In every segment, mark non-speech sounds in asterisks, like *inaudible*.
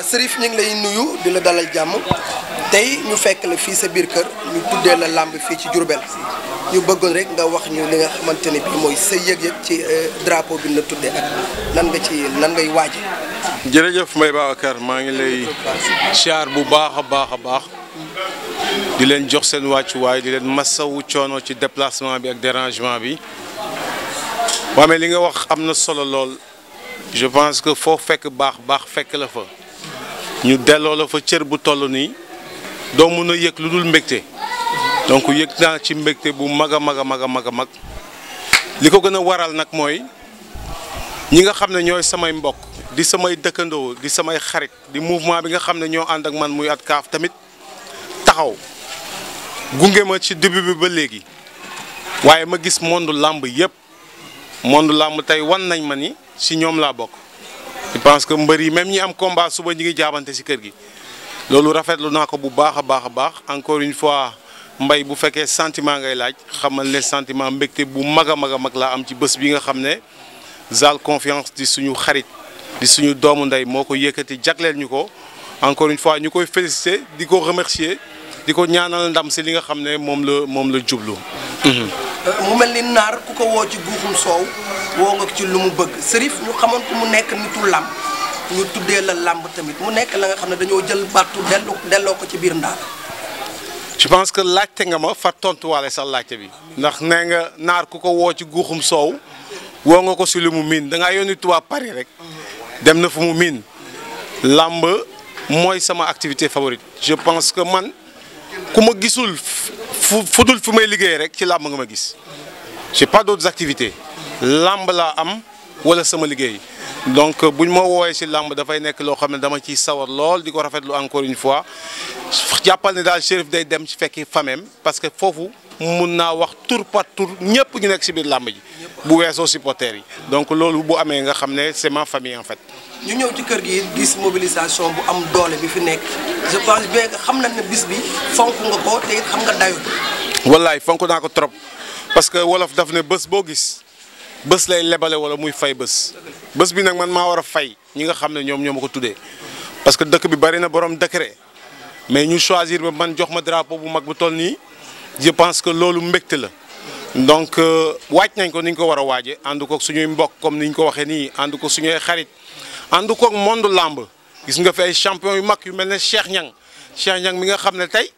waaw Serif ñu ngi lay nuyu di la dalal jàmm tey ñu fekk la fii sa biir kër ñu tuddee la làmb fii ci Diourbel ñu bëggoon rek nga wax ñu li nga xamante ne mooy sa yëg-yëg ci euh, drapo bi la tuddee ak nan nga ci nan ngay waaje jërëjëf may Mbaye Babacar maa ngi lay siyaar bu baax a baax a baax di leen jox seen wàccuwaay di leen masawu coono ci déplacement bi ak dérangement bi waaye li nga wax am na solo lool je pense que foo fekk baax baax fekk la fa. ñu delloo la fa cër bu toll nii doo mun a yëg lu dul mbégte donc yëg naa ci mbégte bu mag a mag a mag a mag a mag li ko gën a waral nag mooy ñi nga xam ne ñooy samay mbokk di samay dëkkandoo di samay xarit di mouvement bi nga xam ne ñoo ànd ak man muy at kaaf tamit taxaw gunge ma ci début bi ba léegi waaye ma gis monde làmb yépp monde làmb tey wan nañ ma ni ci ñoom laa bokk. je pense que mbër yi même ñi am combat suba ñi ngi jaabante si kër gi loolu rafetlu naa ko bu baax a baax a baax encore une fois mbay bu fekkee sentiment ngay laaj xamal ne sentiment mbégte bu mag a mag a mag laa am ci bës bi nga xam ne Zal Confiance di suñu xarit di suñu doomu ndey moo ko yëkkati jagleel ñu ko encore une fois ñu koy féliciter di ko remercier di ko ñaanal ndam si li nga xam ne moom la moom la jublu. mu mel ni naar ku ko woo ci guuxum soow. woo nga ci lu mu bëgg sërif ñu xamoon mu nekk nitu làmb ñu tuddee la làmb tamit mu nekk la nga xam ne dañoo jël battu delloo ko ci biir ndaal. je pense que laajte nga ma fa tontuwaale sax laajte bi ndax nee nga naar ku ko woo ci guuxum soow woo nga ko si lu mu miin da ngaa yónni tubaab Paris rek dem na fu mu miin làmb mooy sama activité favorite je pense que man ku ma gisul fu fudul fi may liggéey rek ci làmb nga ma gis j'ai pas d'autres activités làmb laa am wala sama liggéey donc bu ñu ma wooyee si làmb dafay nekk loo xam ne dama ci sawar lool di ko rafetlu encore une fois jàppal ne daal Chérif day dem ci fekki fameem parce que foofu mun naa wax tour par tour ñëpp ñu nekk si biir làmb ji bu weesoo supporters yi donc loolu bu amee nga xam ne c'est ma famille en fait. ñu ñëw ci kër gi gis mobilisation bu am doole bi fi nekk je pense bien xam nañ ne bis bi fonk nga ko te xam nga dayoo. wallaay fonk naa trop parce que wolof daf ne bés boo gis. bës lay lebale wala muy fay bës bés bi nag man maa war a fay ñi nga xam ne ñoom ñoo ma ko tuddee parce que dëkk bi bari na borom décret mais ñu choisir ba man jox ma drapeau bu mag bu toll nii je pense que loolu mbégte la donc euh, waaj nañ ko ni ñu ko war a waaje ànd koog suñuy mbokk comme ni ñu ko waxee nii ànd ko suñuy xarit ànd koog monde làmb gis nga fi ay champion yu mag yu mel ne Cheikh Niang Cheikh Niang mi nga xam ne tey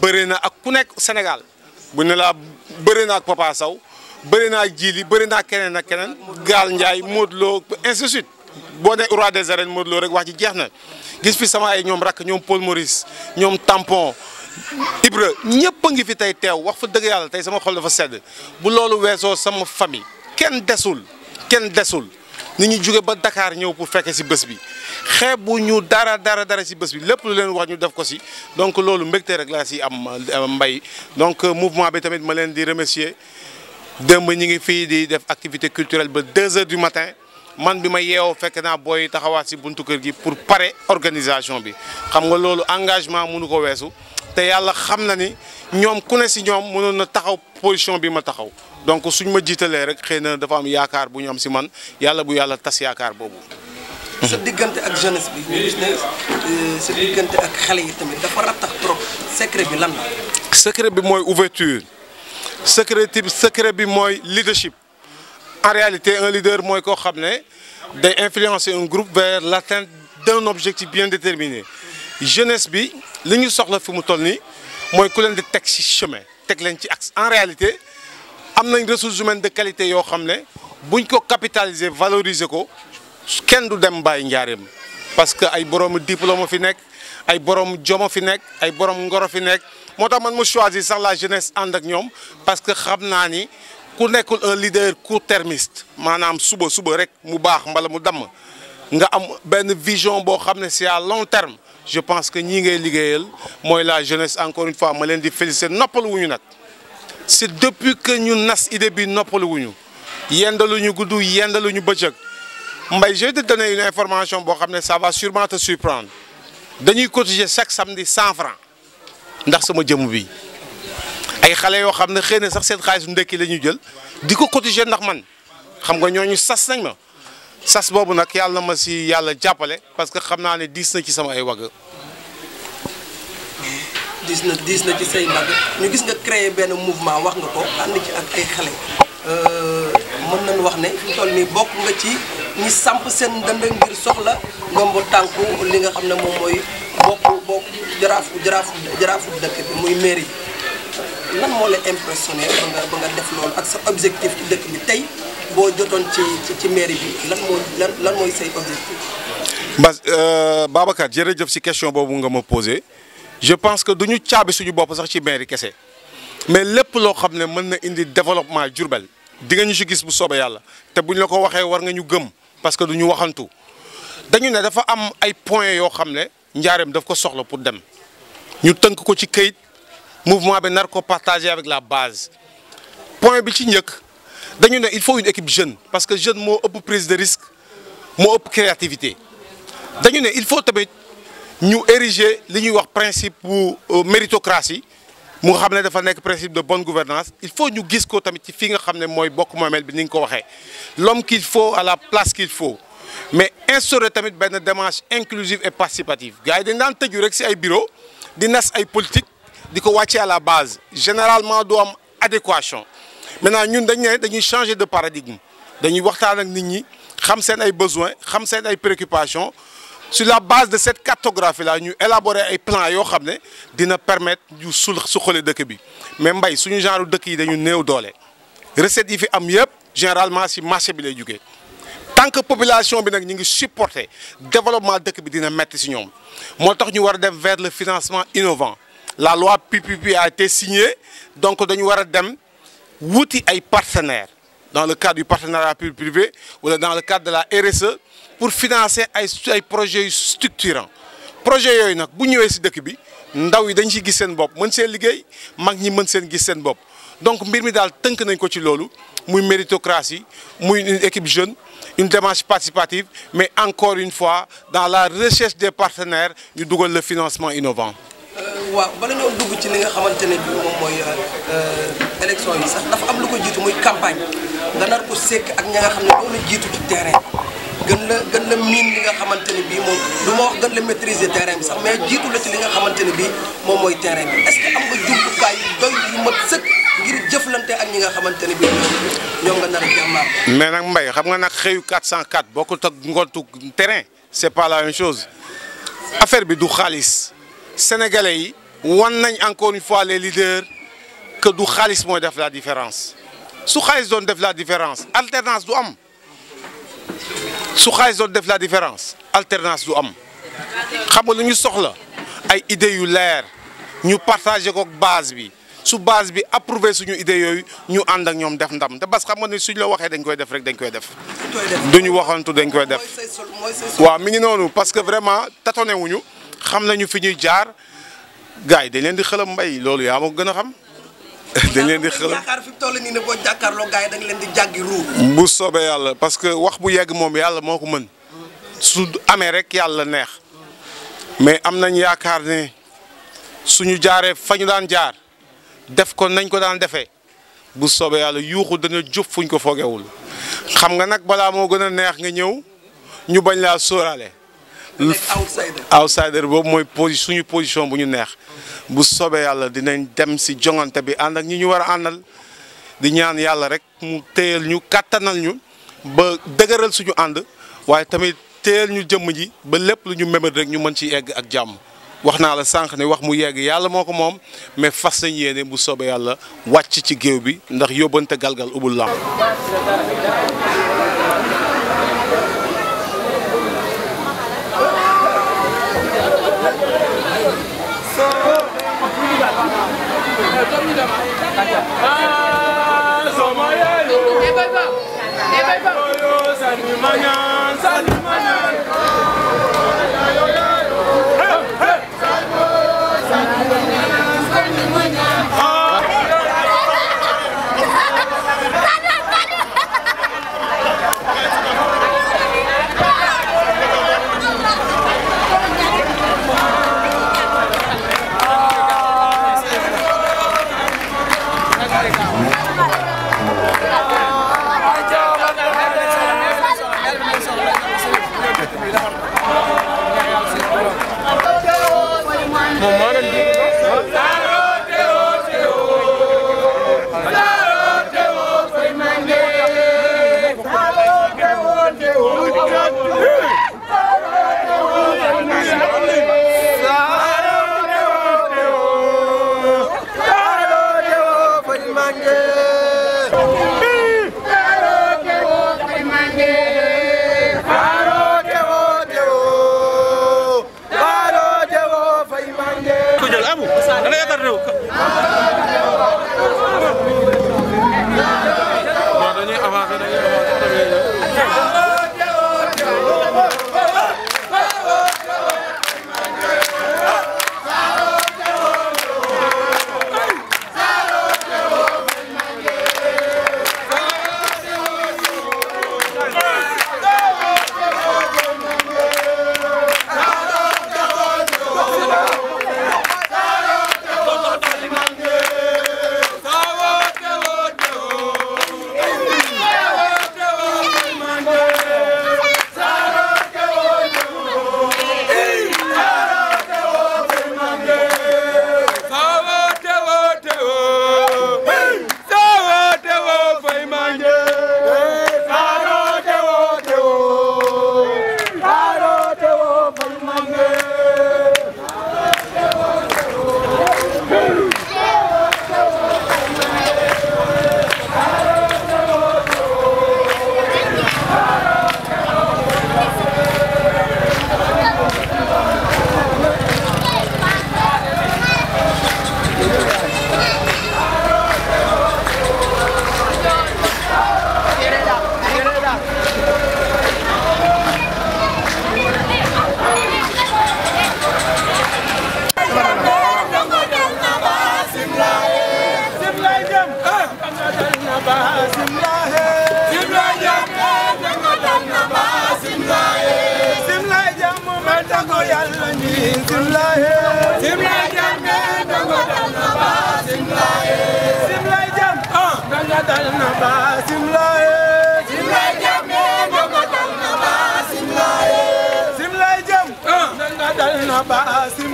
bëre na ak ku nekk Sénégal bu ne laa bëre na ak Papa bëri naa jiili bëri naa keneen ak keneen gaal Ndiaye Modou Lo ainsi de suite boo ne roi des arènes Modou Lo rek wax ji jeex na gis fi sama ay ñoom rakk ñoom Paul Maurice ñoom Tampon Ibra ñëpp a ngi fi tey teew wax fa dëgg yàlla tey sama xol dafa sedd bu loolu weesoo sama famille kenn desul kenn desul ni ñu jóge ba Dakar ñëw pour fekke si bés bi xeebu ñu dara dara dara si bés bi lépp lu leen wax ñu def ko si donc loolu mbégte rek laa si am mbay donc euh, mouvement bi tamit ma leen di remercier démb ñi ngi fii di def activité culturelle ba deux heures du matin man bi ma yeew fekk naa booy taxawaat si buntu kër gi pour pare organisation bi xam nga loolu engagement mënu ko weesu te yàlla xam na ni ñoom ku ne si ñoom mënoon na taxaw position bi ma taxaw donc suñ ma jiitalee rek xëy na dafa am yaakaar bu ñoom si man yàlla bu yàlla tas yaakaar boobu. sa diggante ak jeunesse bi ñu gis euh, xale yi tamit dafa rattax trop secret bi lan la. secret bi mooy ouverture secret bi secret bi mooy leadership en réalité un leader mooy koo xam ne day influencer un groupe vers l'atteinte d'un objectif bien déterminé jeunesse bi li ñu soxla fi mu toll nii mooy ku leen de teg ci chemin teg leen ci axe en réalité am nañ ressources humaines de qualité yoo xam ne buñ ko capitaliser valoriser ko kenn du dem bàyyi njaareem parce que ay boroomi diplôme fi nekk. ay borom jomo fi nekk ay borom ngoro fi nekk moo tax man mu choisir sax la jeunesse ànd ak ñoom parce que xam naa ni ku nekkul un leader court-termiste maanaam suba suba rek mu baax mbala mu damm nga am benn vision boo xam ne c'est à long terme je pense que ñii ngay liggéeyal mooy la jeunesse encore une fois ma leen di féliciter noppalu wuñu nag c'est depuis que ñu nas idée bi noppalu wuñu yendaluñu gudd yendaluñu bëccëg mbay je vais te donner une information boo xam ne ça va sûrement te dañuy cotiser chaque samedi cent franc ndax sama jëmm bi ay xale yoo xam ne xëy na sax seen xaalisu ndekki la ñuy jël di ko cotiser ndax man xam nga ñooñu sas nañ ma sas boobu nag yàlla ma si yàlla jàppale parce que xam naa ne diis na ci sama ay wagg. diis na diis na ci say mag ñu gis nga créé benn mouvement wax nga ko ànd ci ak ay xale euh, mën nañu wax ne toll nii bokk nga ci ñi samp seen dënd ngir soxla ndombo tànk li nga xam ne moom mooy bokk bokk jaraafu jaraafu jaraafu dëkk bi muy mairie lan moo la impressionné ba nga def loolu ak sa objectif dëkk bi tey boo jotoon ci ci mairie bi lan mooy say objectif mbas euh, Babacar jërëjëf si question boobu nga ma posé je pense que du ñu caabi suñu bopp sax ci mairie kese mais lépp loo xam ne mën na indi développement Diourbel di nga ñu si gis bu soobee yàlla te buñ la ko waxee war nga ñu gëm parce que du ñu waxantu dañu ne dafa am ay points yoo xam ne njaareem daf ko soxla pour dem ñu tënk ko ci këyit mouvement be nar ko partagé avec la base point bi ci njëkk dañu ne il faut une équipe jeune parce que jeune moo ëpp prise de risque moo ëpp créativité dañu ne il faut tamit ñu ériger li ñuy wax principe bu euh, méritocratie mu nga xam ne dafa nekk principe de bonne gouvernance il faut ñu gis ko tamit ci fii nga xam ne mooy bokk moomeel bi ni nga ko waxee l'homme qu'il faut à la place qu'il faut mais instaurer tamit benn démarche inclusive et participative gars yi dañ daan tëju rek si ay bureau di nas ay politique di ko wàccee à la base généralement du am adéquation maintenant ñun dañ dañuy changer de paradigme dañuy waxtaan ak nit ñi xam seen ay besoins xam seen ay préoccupations sur la base de cette cartographie la ñu élaborer ay plan yoo xam ne dina permettre ñu sul suqali dëkk bi mais mbay suñu genre dëkk yi dañu néew doole recettes yi fi am yëpp généralement si marché bi lay jugee tant que population bi nag ñu ngi supporter développement dëkk bi dina metti si ñoom moo tax ñu war a dem vers le financement innovant la loi PPP a été signée donc dañu war a dem wuti ay partenaire dans le cadre du partenariat public privé wala dans le cadre de la RSE pour financer ay ay projets yu structurants projet yooyu nag bu ñëwee si dëkk bi ndaw yi dañ ciy gis seen bopp mën seen liggéey mag ñi mën seen gis seen bopp donc mbir mi daal tënk nañ ko ci loolu muy méritocratie muy équipe jeune une démarche participative mais encore une fois dans la recherche des partenaires ñu dugal la financement innovant. Euh, waaw bala ñoo dugg ci li nga xamante ne bii moom mooy euh, élection yi sax dafa am lu ko jiitu muy campagne nga gën la gën la miin li nga xamante ne bii moom lu ma wax gën la maîtriser terrain sax mais jiitu la ci li nga xamante ne bii moom mooy terrain bi am nga jumtukaay yu doy sëkk ngir jëflante ak ñi nga xamante ne bii nga nar a mais nag mbay xam nga nag xëyu cent boo ko ak ngoontu terrain c'est pas la même chose affaire bi du xaalis sénégalais yi wan nañ encore une fois les leaders que du xaalis mooy def la différence su xaalis doon def la différence alternance du am su xaalis doon def la différence alternance du am xam nga lu ñu soxla ay idées yu leer ñu partagé ko base bi su base bi approuvé suñu idées yooyu ñu ànd ak ñoom def ndam te bas xam nga ni suñ la waxee dañ koy def rek dañ koy def. du ñu waxantu dañ koy def. waa mi ngi noonu parce que vraiment tâtonné wuñu xam nañu fi ñuy jaar gars yi dañ leen di xëlam mbay loolu yaa moo gën a xam. *laughs* dañ leen di xel yaakaar fi ne boo jàkkaarloo gars dañ leen di jàggi bu soobee yàlla parce que wax bu yegg moom yàlla moo ko mën. su amee rek yàlla neex. mais am nañ yaakaar ne suñu jaaree fa ñu daan jaar def ko nañ ko daan defee bu soobee yàlla yuuxu dana jub fuñ ko foogewul xam nga nag balaa moo gën a neex nga ñëw ñu bañ laa sóoraale. outsider boobu mooy posi suñu position bu ñu neex bu soobee yàlla dinañ dem si jongante bi ànd ak ñi ñu war a àndal di ñaan yàlla rek mu téyal ñu kàttanal ñu ba dëgëral suñu ànd waaye tamit téyal ñu jëmm ji ba lépp lu ñu mébét rek ñu mën ci egg ak jàmm wax naa la sànq ni wax mu yegg yàlla moo ko moom mais fas nañ yéene bu soobee yàlla wàcc ci géew bi ndax yóbbante galgal ubul lam Salimanya, Salimanya. Hey, hey. Saamu dana yatar réew Simlay jam, nanga dal na ba Simlay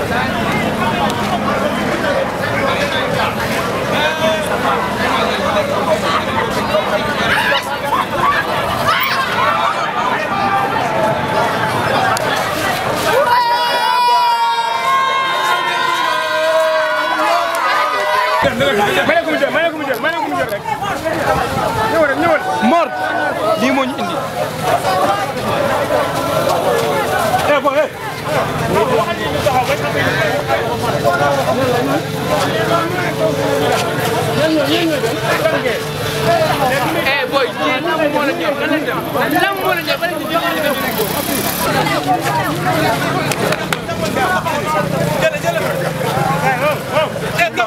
eh boy jii lan moo la ñor lan lan moo la ñor ba léegi jox la ko.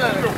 jërëjëf.